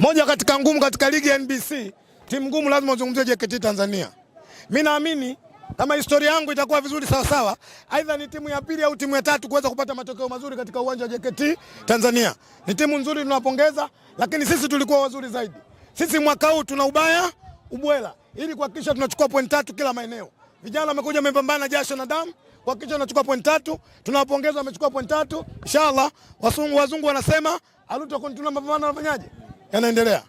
Moja katika ngumu katika ligi ya NBC, timu ngumu lazima uzungumzie JKT Tanzania. Mimi naamini kama historia yangu itakuwa vizuri sawa sawa, aidha ni timu ya pili au timu ya tatu kuweza kupata matokeo mazuri katika uwanja wa JKT Tanzania. Ni timu nzuri tunapongeza, lakini sisi tulikuwa wazuri zaidi. Sisi mwaka huu tuna ubaya ubwela ili kuhakikisha tunachukua point tatu kila maeneo. Vijana wamekuja wamepambana jasho na damu kuhakikisha tunachukua point tatu. Tunawapongeza wamechukua point tatu. Inshallah, wazungu wazungu wanasema aluto continue mapambano anafanyaje? yanaendelea.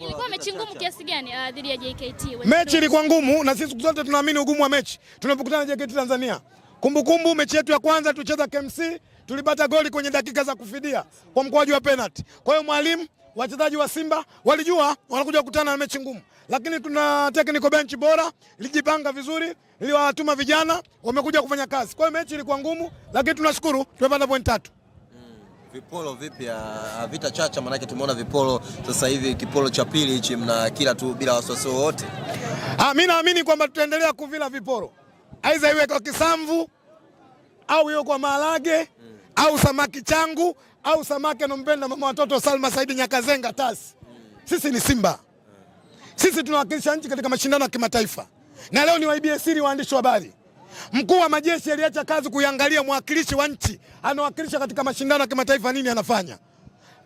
Ilikuwa mechi ngumu kiasi gani uh, dhidi ya JKT? Mechi ilikuwa ngumu na sisi siku zote tunaamini ugumu wa mechi tunapokutana na JKT Tanzania. Kumbukumbu mechi yetu ya kwanza tulicheza KMC, tulipata goli kwenye dakika za kufidia kwa mkwaju wa penalty. Kwa hiyo mwalimu, wachezaji wa Simba walijua wanakuja kukutana na mechi ngumu, lakini tuna technical bench bora, lijipanga vizuri, iliwatuma vijana, wamekuja kufanya kazi. Kwa hiyo mechi ilikuwa ngumu, lakini tunashukuru tumepata point tatu. Vipolo vipya ah, havita ah, chacha, maanake tumeona vipolo sasa hivi, kipolo cha pili hichi mna kila tu bila wasiwasi wowote. Ah, mimi naamini kwamba tutaendelea kuvila vipolo, aidha iwe kwa kisamvu au iwe kwa maharage mm. au samaki changu au samaki anompenda mama watoto Salma Saidi Nyakazenga tasi. Hmm. Sisi ni Simba, hmm. sisi tunawakilisha nchi katika mashindano ya kimataifa, na leo ni waibie siri waandishi wa habari Mkuu wa majeshi aliacha kazi kuiangalia mwakilishi wa nchi anawakilisha katika mashindano ya kimataifa nini anafanya.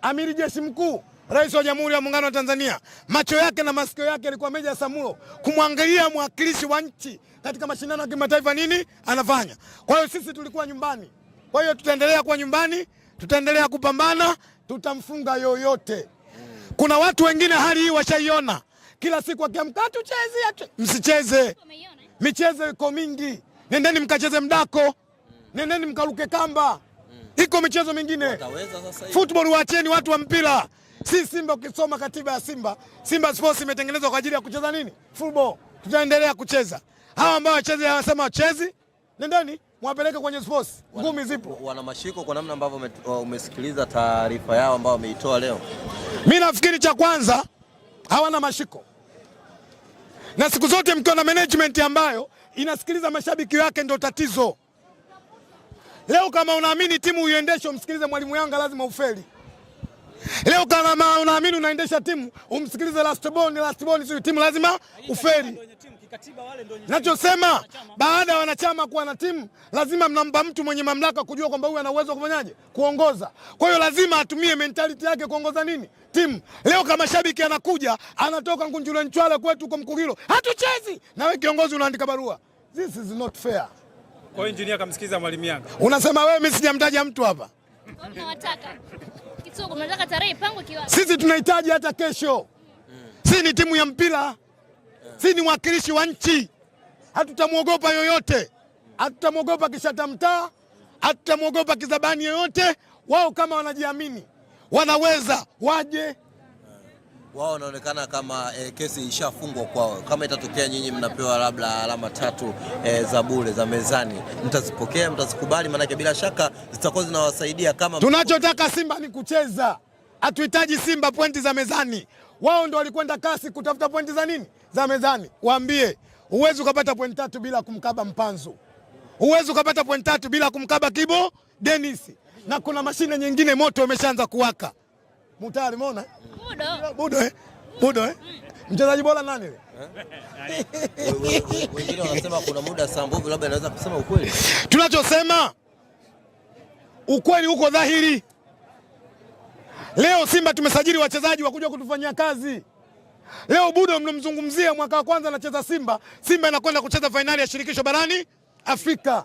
Amiri jeshi mkuu, rais wa Jamhuri ya Muungano wa Tanzania, macho yake na masikio yake yalikuwa Meja Samulo kumwangalia mwakilishi wa nchi katika mashindano ya kimataifa nini anafanya. Kwa hiyo sisi tulikuwa nyumbani, kwa hiyo tutaendelea kuwa nyumbani, tutaendelea kupambana, tutamfunga yoyote. Kuna watu wengine hali hii washaiona, kila siku akiamka tucheze, msicheze michezo iko mingi nendeni mkacheze mdako, mm. nendeni mkaruke kamba, mm. iko michezo mingine. Football waacheni watu wa mpira. Si Simba, ukisoma katiba ya Simba, Simba Sports imetengenezwa kwa ajili ya kucheza nini? Football. Tutaendelea kucheza. Hawa ambao wacheze wanasema wachezi, nendeni mwapeleke kwenye sports, ngumi zipo. Wana mashiko kwa namna ambavyo umesikiliza taarifa yao ambao wameitoa leo. Mimi nafikiri cha kwanza hawana mashiko, na siku zote mkiwa na management ambayo inasikiliza mashabiki wake, ndo tatizo leo. Kama unaamini timu uiendeshe umsikilize mwalimu Yanga, lazima ufeli. Leo kama unaamini unaendesha timu, umsikilize lastborn, lastborn sio timu, lazima ufeli. Nachosema baada ya wanachama kuwa na timu, lazima mnampa mtu mwenye mamlaka kujua kwamba huyu ana uwezo kufanyaje, kuongoza. Kwa hiyo lazima atumie mentality yake kuongoza nini timu. Leo kama shabiki anakuja anatoka Ngunjule Nchwale kwetu kwa Mkugilo, hatuchezi na wewe, kiongozi unaandika barua, this is not fair. Kwa hiyo injinia kamsikiza mwalimu Yanga, unasema wewe, mimi sijamtaja mtu hapa sisi tunahitaji hata kesho, hmm. Si ni timu ya mpira si ni mwakilishi wa nchi. Hatutamwogopa yoyote, hatutamwogopa kishata mtaa, hatutamwogopa kizabani yoyote. Wao kama wanajiamini wanaweza waje wao wanaonekana kama e, kesi ishafungwa kwao. Kama itatokea nyinyi mnapewa labda alama tatu e, za bure za mezani, mtazipokea mtazikubali? Maanake bila shaka zitakuwa zinawasaidia. Kama tunachotaka Simba ni kucheza, hatuhitaji Simba pointi za mezani wao ndo walikwenda kasi kutafuta pointi za nini za mezani. Waambie huwezi ukapata pointi tatu bila kumkaba Mpanzu, huwezi ukapata pointi tatu bila kumkaba Kibo Dennis, na kuna mashine nyingine moto imeshaanza kuwaka. Mutari umeona budo budo eh? budo eh? mchezaji bora nani yule? Wengine wanasema kuna muda Sambuvi labda anaweza kusema ukweli. Tunachosema ukweli uko dhahiri. Leo Simba tumesajili wachezaji wa kuja kutufanyia kazi. Leo Budo mnamzungumzia mwaka wa kwanza anacheza Simba, Simba inakwenda kucheza fainali ya shirikisho barani Afrika.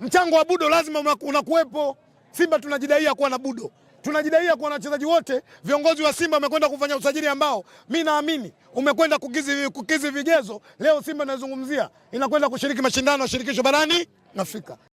Mchango wa Budo lazima unakuwepo. Simba tunajidaia kuwa na Budo, tunajidaia kuwa na wachezaji wote. Viongozi wa Simba wamekwenda kufanya usajili ambao mi naamini umekwenda kukizi, kukizi vigezo. Leo Simba inazungumzia inakwenda kushiriki mashindano ya shirikisho barani Afrika.